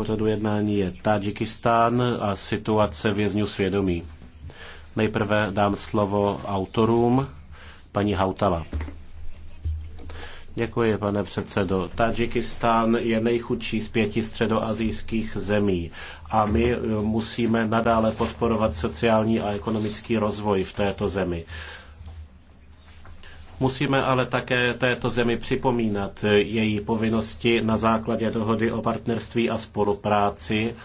pořadu jednání je Tadžikistán a situace vězňů svědomí. Nejprve dám slovo autorům, paní Hautala. Děkuji, pane předsedo. Tadžikistán je nejchudší z pěti středoazijských zemí a my eh, musíme nadále podporovat sociální a ekonomický rozvoj v této zemi. Musíme ale také této zemi připomínat její povinnosti na základě dohody o partnerství a spolupráci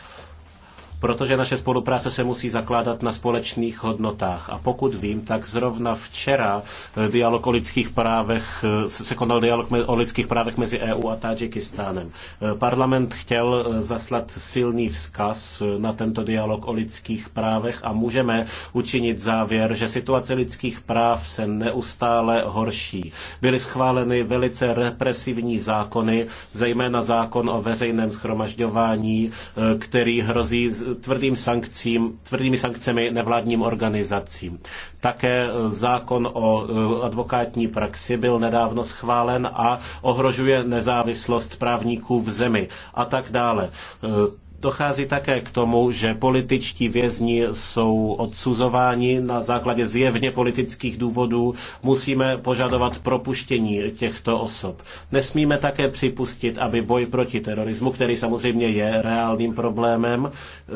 protože naše spolupráce se musí zakládat na společných hodnotách. A pokud vím, tak zrovna včera eh, dialog o lidských právech, eh, se konal dialog o lidských právech mezi EU a Tadžikistánem. Eh, parlament chtěl zaslat silný vzkaz na tento dialog o lidských právech a můžeme učinit závěr, že situace lidských práv se neustále horší. Byly schváleny velice represivní zákony, zejména zákon o veřejném schromažďování, který hrozí tvrdým sankcím, tvrdými sankcemi nevládním organizacím. Také zákon o e, advokátní praxi byl nedávno schválen a ohrožuje nezávislost právníků v zemi a tak dále. E, Dochází také k tomu, že političtí vězni jsou odsuzováni na základě zjevně politických důvodů. Musíme požadovat propuštění těchto osob. Nesmíme také připustit, aby boj proti terorismu, který samozřejmě je reálným problémem, eh,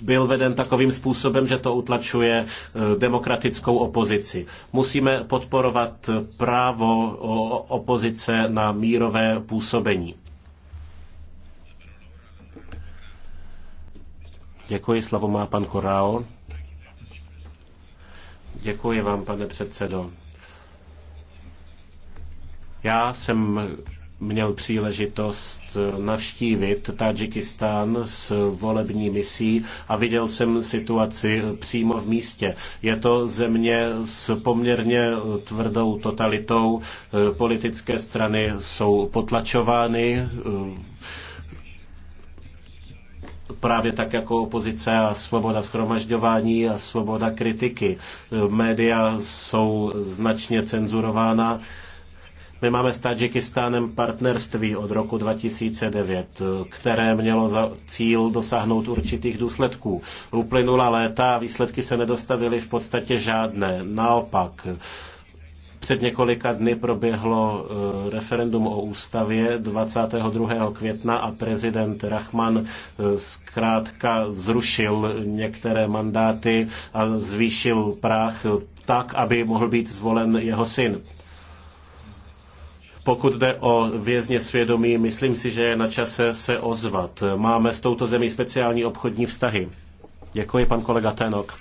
byl veden takovým způsobem, že to utlačuje eh, demokratickou opozici. Musíme podporovat právo opozice na mírové působení. Děkuji, slovo má pan Korao. Děkuji vám, pane předsedo. Já jsem měl příležitost navštívit Tadžikistán s volební misí a viděl jsem situaci přímo v místě. Je to země s poměrně tvrdou totalitou, politické strany jsou potlačovány, právě tak jako opozice a svoboda schromažďování a svoboda kritiky. Média jsou značně cenzurována. My máme s Tadžikistánem partnerství od roku 2009, které mělo za cíl dosáhnout určitých důsledků. Uplynula léta a výsledky se nedostavily v podstatě žádné. Naopak, před několika dny proběhlo eh, referendum o ústavě 22. května a prezident Rahman eh, zkrátka zrušil některé mandáty a zvýšil práh tak, aby mohl být zvolen jeho syn. Pokud jde o vězně svědomí, myslím si, že je na čase se ozvat. Máme s touto zemí speciální obchodní vztahy. Děkuji, pan kolega Tenok.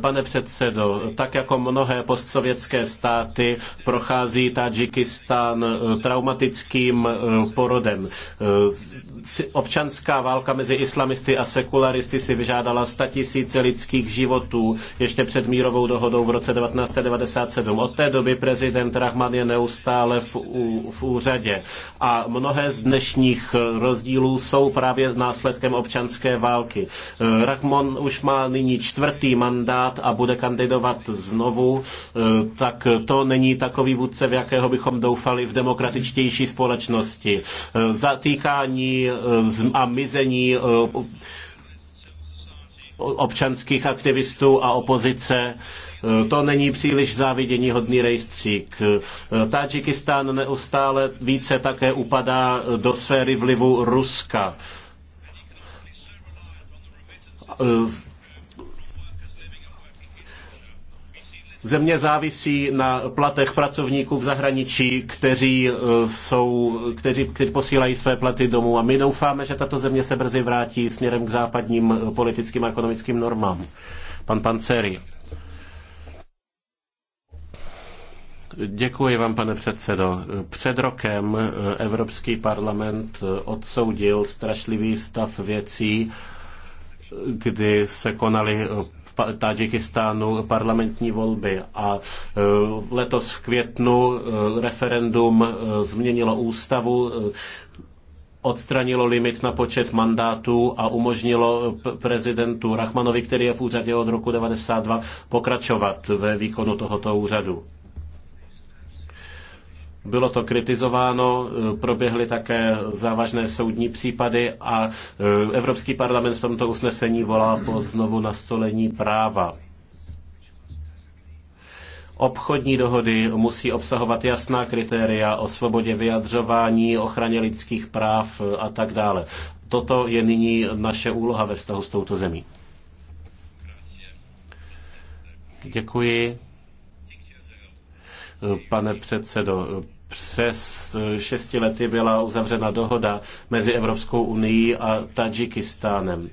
Pane předsedo, tak jako mnohé postsovětské státy prochází Tadžikistán eh, traumatickým eh, porodem. Eh, občanská válka mezi islamisty a sekularisty si vyžádala statisíce lidských životů ještě před mírovou dohodou v roce 1997. Od té doby prezident Rahman je neustále v, v úřadě a mnohé z dnešních rozdílů jsou právě následkem občanské války. Rahman už má nyní čtvrtý mandát mandát a bude kandidovat znovu, eh, tak to není takový vůdce, v jakého bychom doufali v demokratičtější společnosti. Eh, zatýkání eh, a mizení občanských aktivistů a opozice. To není příliš závidění hodný rejstřík. Tadžikistán neustále více také upadá do sféry vlivu Ruska Země závisí na platech pracovníků v zahraničí, kteří, eh, jsou, kteří, kteří posílají své platy domů a my doufáme, že tato země se brzy vrátí směrem k západním eh, politickým a ekonomickým normám. Pan Panceri. Děkuji vám, pane předsedo. Před rokem eh, Evropský parlament odsoudil strašlivý stav věcí, kdy se konaly Tadžikistánu parlamentní volby a e, letos v květnu e, referendum e, změnilo ústavu, odstranilo limit na počet mandátů a umožnilo prezidentu Rachmanovi, který je v úřadě od roku 92, pokračovat ve výkonu tohoto úřadu. Bylo to kritizováno, eh, proběhly také závažné soudní případy a eh, Evropský parlament v tomto usnesení volá po znovu nastolení práva. Obchodní dohody musí obsahovat jasná kritéria o svobodě vyjadřování, ochraně lidských práv eh, a tak dále. Toto je nyní naše úloha ve vztahu s touto zemí. Děkuji pane předsedo přes šesti lety byla uzavřena dohoda mezi Evropskou unii a Tadžikistánem.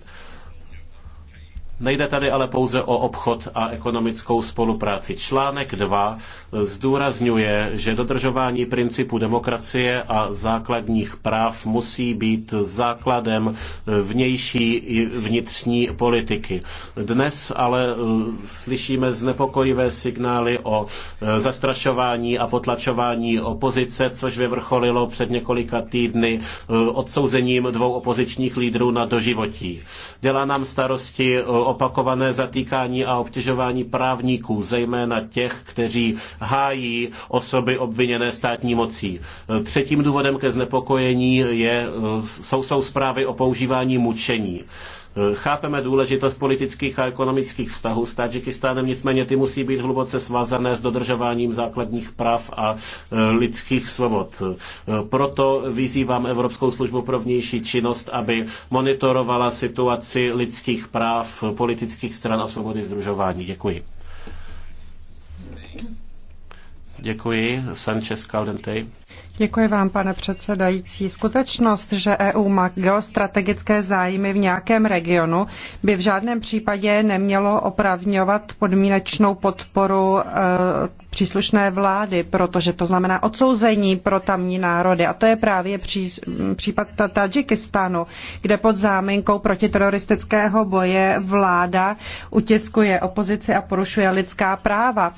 Nejde tady ale pouze o obchod a ekonomickou spolupráci. Článek 2 zdůrazňuje, že dodržování principu demokracie a základních práv musí být základem vnější i vnitřní politiky. Dnes ale eh, slyšíme znepokojivé signály o eh, zastrašování a potlačování opozice, což vyvrcholilo před několika týdny eh, odsouzením dvou opozičních lídrů na doživotí. Dělá nám starosti opakované zatýkání a obtěžování právníků, zejména těch, kteří hájí osoby obviněné státní mocí. Třetím důvodem ke znepokojení je, jsou, jsou zprávy o používání mučení. Chápeme důležitost politických a ekonomických vztahů s Tadžikistánem, nicméně ty musí být hluboce svázané s dodržováním základních práv a e, lidských svobod. E, proto vyzývám Evropskou službu pro vnější činnost, aby monitorovala situaci lidských práv, politických stran a svobody združování. Děkuji. Děkuji, Sanchez Caldente. Děkuji vám, pane předsedající. Skutečnost, že EU má geostrategické zájmy v nějakém regionu, by v žádném případě nemělo opravňovat podmínečnou podporu eh, příslušné vlády, protože to znamená odsouzení pro tamní národy. A to je právě pří, případ Tadžikistánu, kde pod záminkou protiteroristického boje vláda utiskuje opozici a porušuje lidská práva.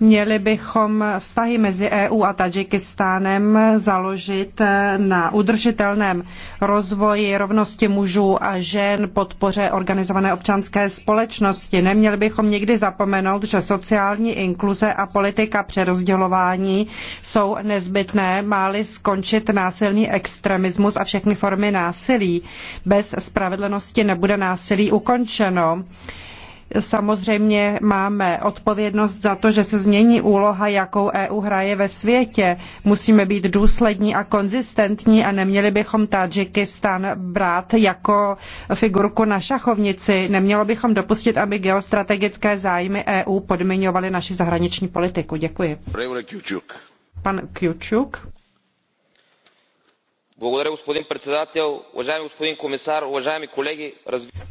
Měli bychom vztahy mezi EU a Tadžikistánem založit na udržitelném rozvoji rovnosti mužů a žen, podpoře organizované občanské společnosti. Neměli bychom nikdy zapomenout, že sociální inkluze a politika politika přerozdělování jsou nezbytné, máli skončit násilný extremismus a všechny formy násilí. Bez spravedlnosti nebude násilí ukončeno. Samozřejmě máme odpovědnost za to, že se změní úloha, jakou EU hraje ve světě. Musíme být důslední a konzistentní a neměli bychom Tadžikistán brát jako figurku na šachovnici. Nemělo bychom dopustit, aby geostrategické zájmy EU podmiňovaly naši zahraniční politiku. Děkuji. Pan Kjučuk.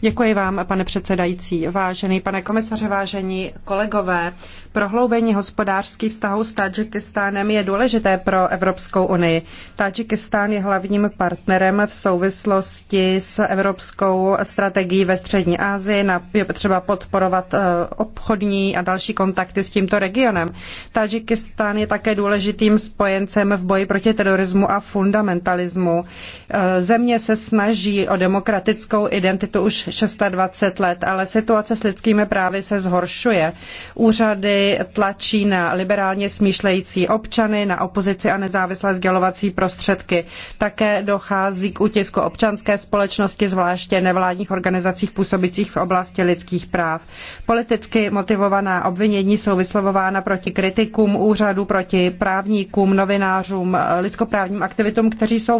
Děkuji vám, pane předsedající. Vážený pane komisaře, vážení kolegové, prohloubení hospodářských vztahů s Tádžikistánem je důležité pro Evropskou unii. Tádžikistán je hlavním partnerem v souvislosti s evropskou strategií ve střední Asii. Je třeba podporovat eh, obchodní a další kontakty s tímto regionem. Tádžikistán je také důležitým spojencem v boji proti terorismu a fundamentalismu terorismu. Eh, země se snaží o demokratickou identitu už 26 let, ale situace s lidskými právy se zhoršuje. Úřady tlačí na liberálně smýšlející občany, na opozici a nezávislé sdělovací prostředky. Také dochází k útisku občanské společnosti, zvláště nevládních organizacích působících v oblasti lidských práv. Politicky motivovaná obvinění jsou vyslovována proti kritikům úřadů, proti právníkům, novinářům, lidskoprávním aktivitům, kteří jsou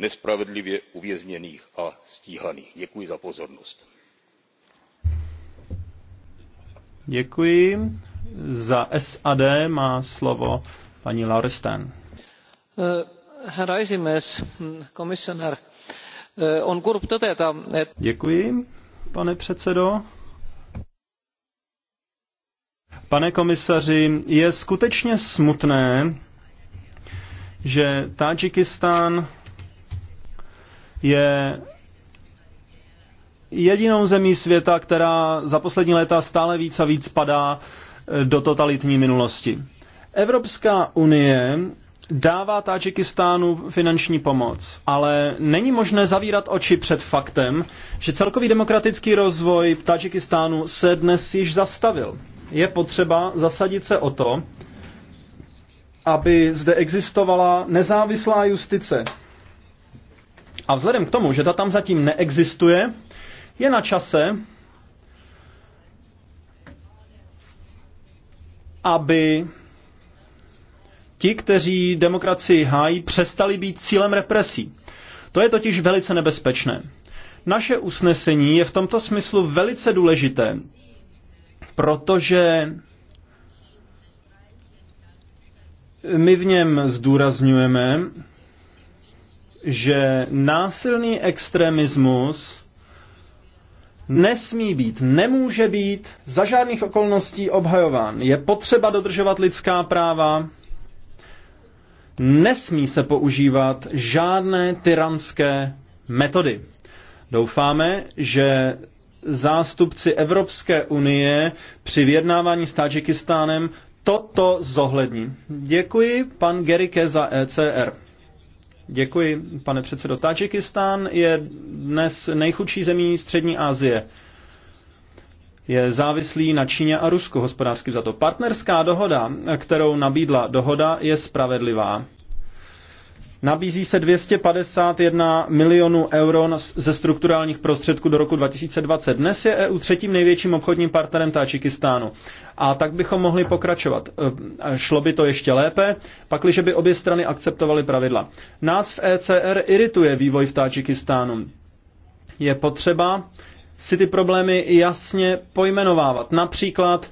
nespravedlivě uvězněných a stíhaných. děkuji za pozornost. Děkuji. Za SAD má slovo paní Lauristan. Eh, Herra esimees, hm, komisionär, eh, on kurb tõdeda, et... Děkuji, pane předsedo. Pane komisaři, je skutečně smutné, že Tádžikistán je jedinou zemí světa, která za poslední léta stále víc a víc padá eh, do totalitní minulosti. Evropská unie dává Tádžikistánu finanční pomoc, ale není možné zavírat oči před faktem, že celkový demokratický rozvoj Tádžikistánu se dnes již zastavil. Je potřeba zasadit se o to, aby zde existovala nezávislá justice, a vzhledem k tomu, že ta tam zatím neexistuje, je na čase, aby ti, kteří demokracii hájí, přestali být cílem represí. To je totiž velice nebezpečné. Naše usnesení je v tomto smyslu velice důležité, protože my v něm zdůrazňujeme, že násilný extremismus nesmí být, nemůže být za žádných okolností obhajován. Je potřeba dodržovat lidská práva, nesmí se používat žádné tyranské metody. Doufáme, že zástupci Evropské unie při vyjednávání s Tadžikistánem toto zohlední. Děkuji pan Gerike za ECR. Děkuji, pane předsedo. Tadžikistán je dnes nejchudší zemí Střední Asie. Je závislý na Číně a Rusku hospodářsky za to. Partnerská dohoda, kterou nabídla dohoda, je spravedlivá. Nabízí se 251 milionů euro ze strukturálních prostředků do roku 2020. Dnes je EU třetím největším obchodním partnerem Tádžikistánu, A tak bychom mohli pokračovat. E, šlo by to ještě lépe, pakliže by obě strany akceptovaly pravidla. Nás v ECR irituje vývoj v Tádžikistánu. Je potřeba si ty problémy jasně pojmenovávat. Například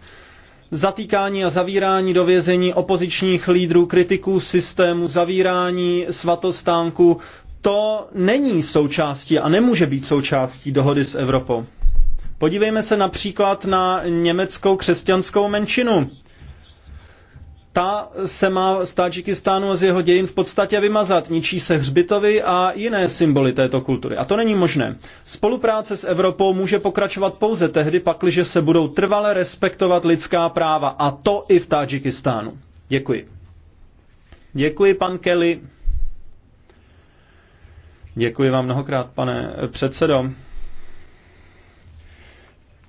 zatýkání a zavírání do vězení opozičních lídrů, kritiků systému, zavírání svatostánků, to není součástí a nemůže být součástí dohody s Evropou. Podívejme se například na německou křesťanskou menšinu ta se má z Tadžikistánu a z jeho dějin v podstatě vymazat. Ničí se hřbitovy a jiné symboly této kultury. A to není možné. Spolupráce s Evropou může pokračovat pouze tehdy, pakliže se budou trvale respektovat lidská práva. A to i v Tadžikistánu. Děkuji. Děkuji, pan Kelly. Děkuji vám mnohokrát, pane předsedo.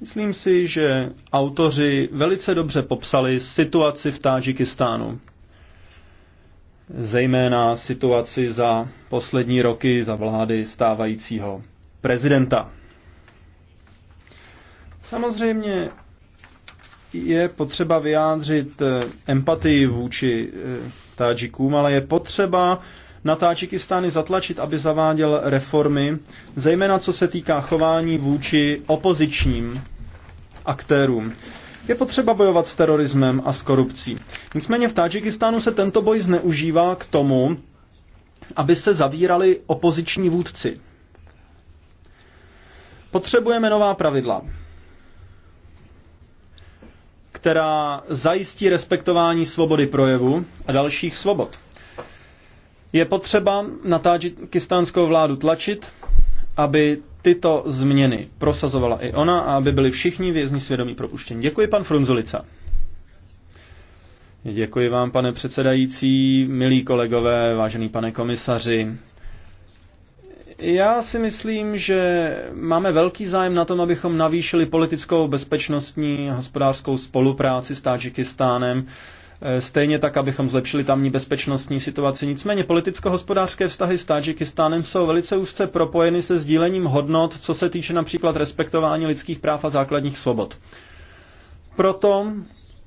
Myslím si, že autoři velice dobře popsali situaci v Tádžikistánu. Zejména situaci za poslední roky za vlády stávajícího prezidenta. Samozřejmě je potřeba vyjádřit eh, empatii vůči eh, Tádžikům, ale je potřeba na Tádžikistány zatlačit, aby zaváděl reformy, zejména co se týká chování vůči opozičním aktérům. Je potřeba bojovat s terorismem a s korupcí. Nicméně v Tádžikistánu se tento boj zneužívá k tomu, aby se zavírali opoziční vůdci. Potřebujeme nová pravidla, která zajistí respektování svobody projevu a dalších svobod. Je potřeba na tádžikistánskou vládu tlačit, aby tyto změny prosazovala i ona a aby byli všichni vězni svědomí propuštěni. Děkuji, pan Frunzulica. Děkuji vám, pane předsedající, milí kolegové, vážený pane komisaři. Já si myslím, že máme velký zájem na tom, abychom navýšili politickou, bezpečnostní a hospodářskou spolupráci s Tadžikistánem Eh, stejně tak, abychom zlepšili tamní bezpečnostní situaci. Nicméně politicko-hospodářské vztahy s Tadžikistánem jsou velice úzce propojeny se sdílením hodnot, co se týče například respektování lidských práv a základních svobod. Proto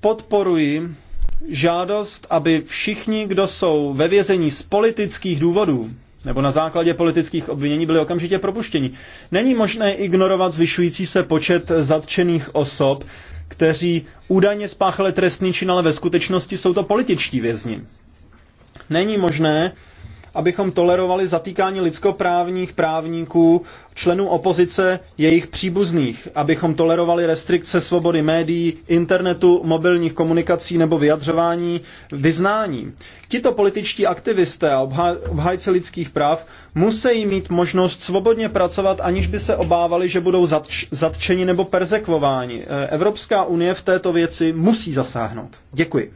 podporuji žádost, aby všichni, kdo jsou ve vězení z politických důvodů, nebo na základě politických obvinění byli okamžitě propuštěni. Není možné ignorovat zvyšující se počet zatčených osob, kteří údajně spáchali trestný čin, ale ve skutečnosti jsou to političtí vězni. Není možné, abychom tolerovali zatýkání lidskoprávních právníků, členů opozice, jejich příbuzných, abychom tolerovali restrikce svobody médií, internetu, mobilních komunikací nebo vyjadřování vyznání. Tito političtí aktivisté a obhájci lidských práv musí mít možnost svobodně pracovat, aniž by se obávali, že budou zatč, zatčeni nebo persekvováni. E, Evropská unie v této věci musí zasáhnout. Děkuji.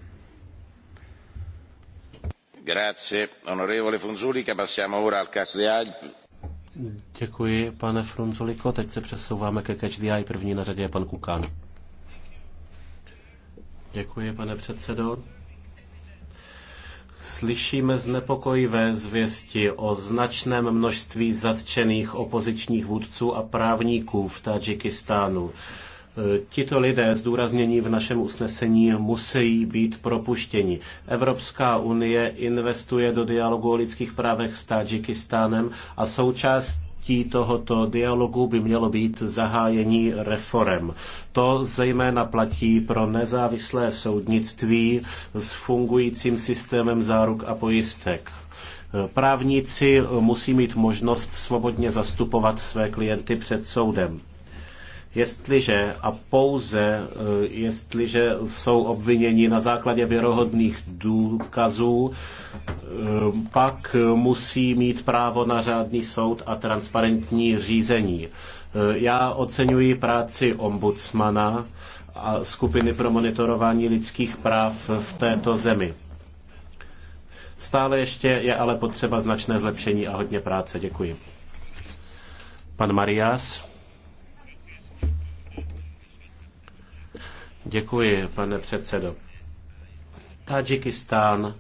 Děkuji, pane Frunzuliko. Teď se přesouváme ke Catch the Eye. První na řadě je pan Kukán. Děkuji, pane předsedo. Slyšíme znepokojivé zvěsti o značném množství zatčených opozičních vůdců a právníků v Tadžikistánu. Tito lidé zdůraznění v našem usnesení musí být propuštěni. Evropská unie investuje do dialogu o lidských právech s Tadžikistánem a součást tohoto dialogu by mělo být zahájení reform. To zejména platí pro nezávislé soudnictví s fungujícím systémem záruk a pojistek. Právníci musí mít možnost svobodně zastupovat své klienty před soudem. Jestliže a pouze eh, jestliže jsou obviněni na základě věrohodných důkazů, eh, pak musí mít právo na řádný soud a transparentní řízení. Eh, já oceňuji práci ombudsmana a skupiny pro monitorování lidských práv v této zemi. Stále ještě je ale potřeba značné zlepšení a hodně práce. Děkuji. Pan Marias. Děkuji, pane předsedo. Tadžikistán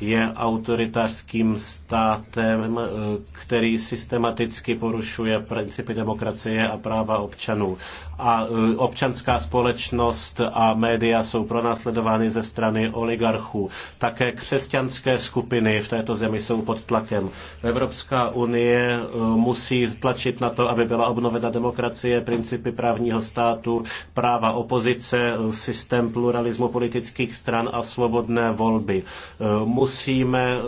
je autoritářským státem, eh, který systematicky porušuje principy demokracie a práva občanů. A eh, občanská společnost a média jsou pronásledovány ze strany oligarchů. Také křesťanské skupiny v této zemi jsou pod tlakem. Evropská unie eh, musí tlačit na to, aby byla obnovena demokracie, principy právního státu, práva opozice, systém pluralismu politických stran a svobodné volby. Musí musíme eh,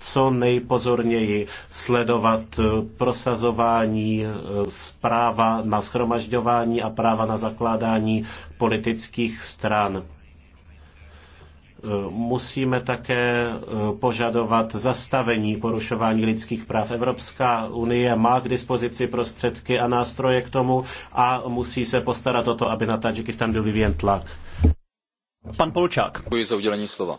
co nejpozorněji sledovat eh, prosazování eh, práva na schromažďování a práva na zakládání politických stran. Musíme také požadovat zastavení porušování lidských práv. Evropská unie má k dispozici prostředky a nástroje k tomu a musí se postarat o to, aby na Tadžikistán byl vyvíjen tlak. Pan Polčák. Děkuji za udělení slova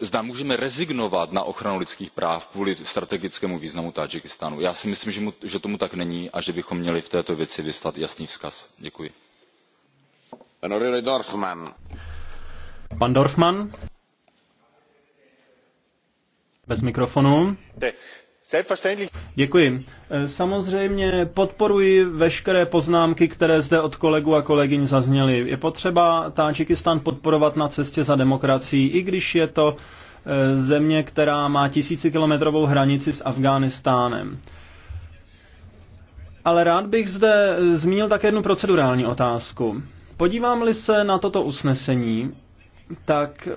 zda můžeme rezignovat na ochranu lidských práv kvůli strategickému významu tádžikistánu. já si myslím že tomu tak není a že bychom měli v této věci vyslat jasný vzkaz. děkuji. pan dorfmann bez mikrofonu. Děkuji. Eh, samozřejmě podporuji veškeré poznámky, které zde od kolegu a kolegyň zazněly. Je potřeba Tádžikistán podporovat na cestě za demokracií, i když je to eh, země, která má tisícikilometrovou hranici s Afghánistánem. Ale rád bych zde eh, zmínil také jednu procedurální otázku. Podívám-li se na toto usnesení, tak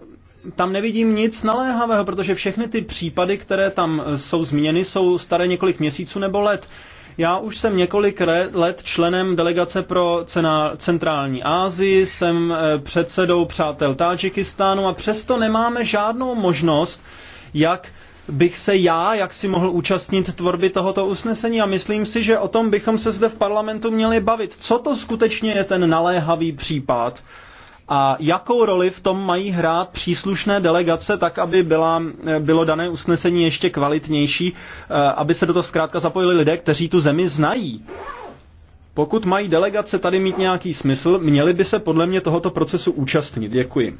tam nevidím nic naléhavého, protože všechny ty případy, které tam e, jsou zmíněny, jsou staré několik měsíců nebo let. Já už jsem několik let členem delegace pro cena, centrální Asii, jsem e, předsedou přátel Tádžikistánu a přesto nemáme žádnou možnost, jak bych se já, jak si mohl účastnit tvorby tohoto usnesení a myslím si, že o tom bychom se zde v parlamentu měli bavit. Co to skutečně je ten naléhavý případ, a jakou roli v tom mají hrát příslušné delegace, tak aby byla, eh, bylo dané usnesení ještě kvalitnější, eh, aby se do toho zkrátka zapojili lidé, kteří tu zemi znají. Pokud mají delegace tady mít nějaký smysl, měli by se podle mě tohoto procesu účastnit. Děkuji.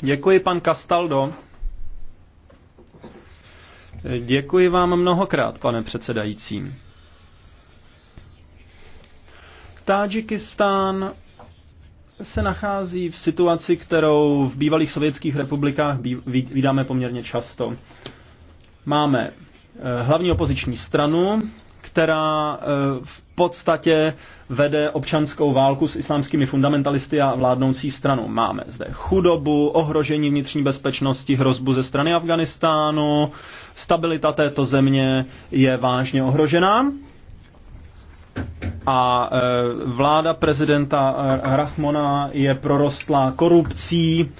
Děkuji, pan Castaldo. Děkuji vám mnohokrát, pane předsedající. Tádžikistán se nachází v situaci, kterou v bývalých sovětských republikách vydáme poměrně často. Máme eh, hlavní opoziční stranu, která eh, v podstatě vede občanskou válku s islámskými fundamentalisty a vládnoucí stranu. Máme zde chudobu, ohrožení vnitřní bezpečnosti, hrozbu ze strany Afganistánu, stabilita této země je vážně ohrožená a e, vláda prezidenta e, Rachmona je prorostlá korupcí,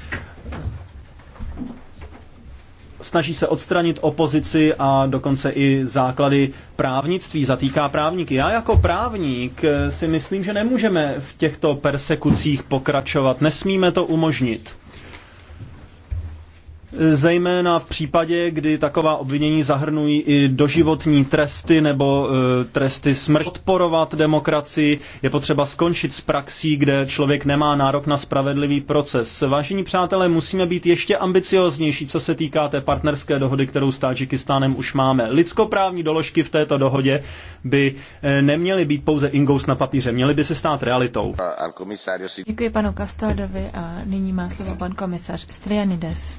snaží se odstranit opozici a dokonce i základy právnictví, zatýká právníky. Já jako právník e, si myslím, že nemůžeme v těchto persekucích pokračovat, nesmíme to umožnit zejména v případě, kdy taková obvinění zahrnují i doživotní tresty nebo e, tresty smrti. Podporovat demokracii je potřeba skončit s praxí, kde člověk nemá nárok na spravedlivý proces. Vážení přátelé, musíme být ještě ambicioznější, co se týká té partnerské dohody, kterou s Tádžikistánem už máme. Lidskoprávní doložky v této dohodě by eh, neměly být pouze ingous na papíře, měly by se stát realitou. Děkuji panu Kastardovi a nyní má slovo pan komisař Strianides.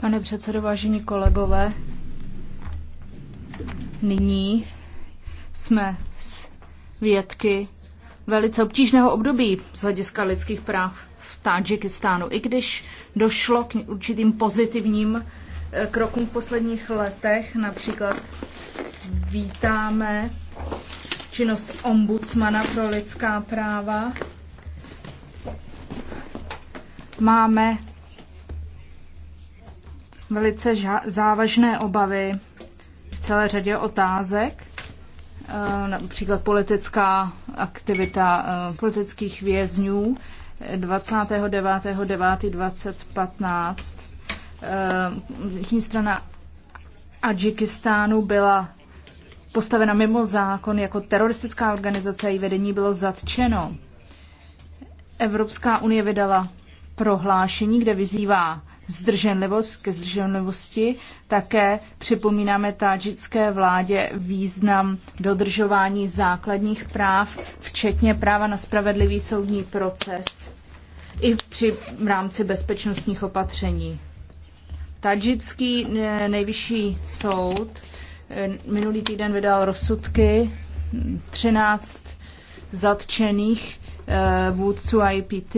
Pane předsedající kolegové, nyní jsme svědky velice obtížného období z hlediska lidských práv v Tádžikistánu. I když došlo k určitým pozitivním eh, krokům v posledních letech, například vítáme činnost ombudsmana pro lidská práva, máme velice závažné obavy v celé řadě otázek, eh, například politická aktivita eh, politických vězňů 29.9.2015. Eh, Vnitřní strana Adžikistánu byla postavena mimo zákon jako teroristická organizace a její vedení bylo zatčeno. Evropská unie vydala prohlášení, kde vyzývá zdrženlivost ke zdrženlivosti. Také připomínáme tádžické vládě význam dodržování základních práv, včetně práva na spravedlivý soudní proces i při rámci bezpečnostních opatření. Tadžický eh, nejvyšší soud eh, minulý týden vydal rozsudky 13 zatčených eh, vůdců IPT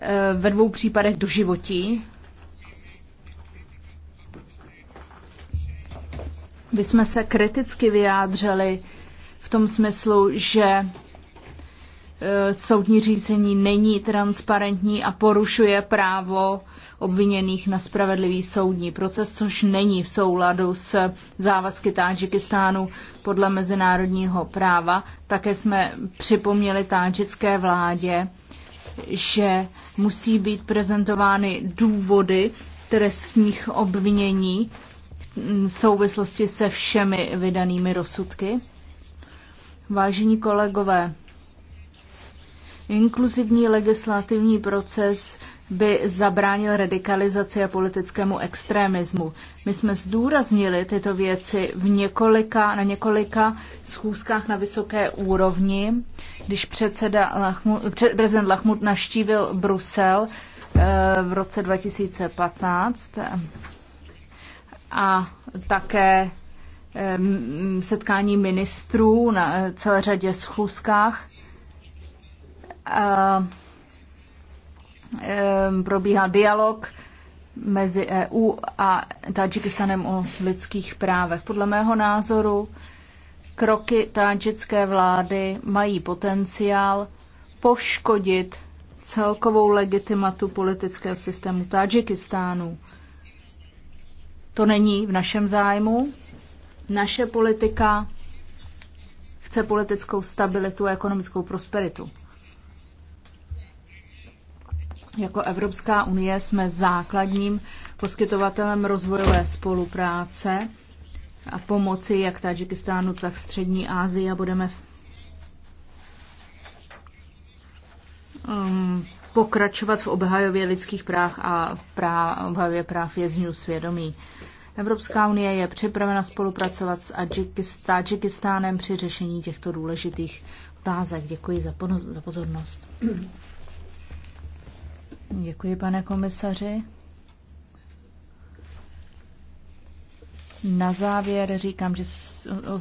Eh, ve dvou případech životí. My jsme se kriticky vyjádřili v tom smyslu, že eh, soudní řízení není transparentní a porušuje právo obviněných na spravedlivý soudní proces, což není v souladu s závazky Tádžikistánu podle mezinárodního práva. Také jsme připomněli tádžické vládě, že musí být prezentovány důvody trestních obvinění v souvislosti se všemi vydanými rozsudky. Vážení kolegové, Inkluzivní legislativní proces by zabránil radikalizaci a politickému extremismu. My jsme zdůraznili tyto věci v několika, na několika schůzkách na vysoké úrovni, když předseda Lachmut, prezident Lachmut naštívil Brusel eh, v roce 2015 a také eh, setkání ministrů na eh, celé řadě schůzkách a probíhá dialog mezi EU a Tadžikistanem o lidských právech. Podle mého názoru kroky tádžické vlády mají potenciál poškodit celkovou legitimatu politického systému Tadžikistánu. To není v našem zájmu. Naše politika chce politickou stabilitu a ekonomickou prosperitu. Jako Evropská unie jsme základním poskytovatelem rozvojové spolupráce a pomoci jak Tadžikistánu, tak Střední Asii a budeme um, pokračovat v obhajově lidských práv a prá, obhajově práv vězňů svědomí. Evropská unie je připravena spolupracovat s Tadžikistánem při řešení těchto důležitých otázek. Děkuji za, pono- za pozornost. Děkuji, pane komisaři. Na závěr říkám, že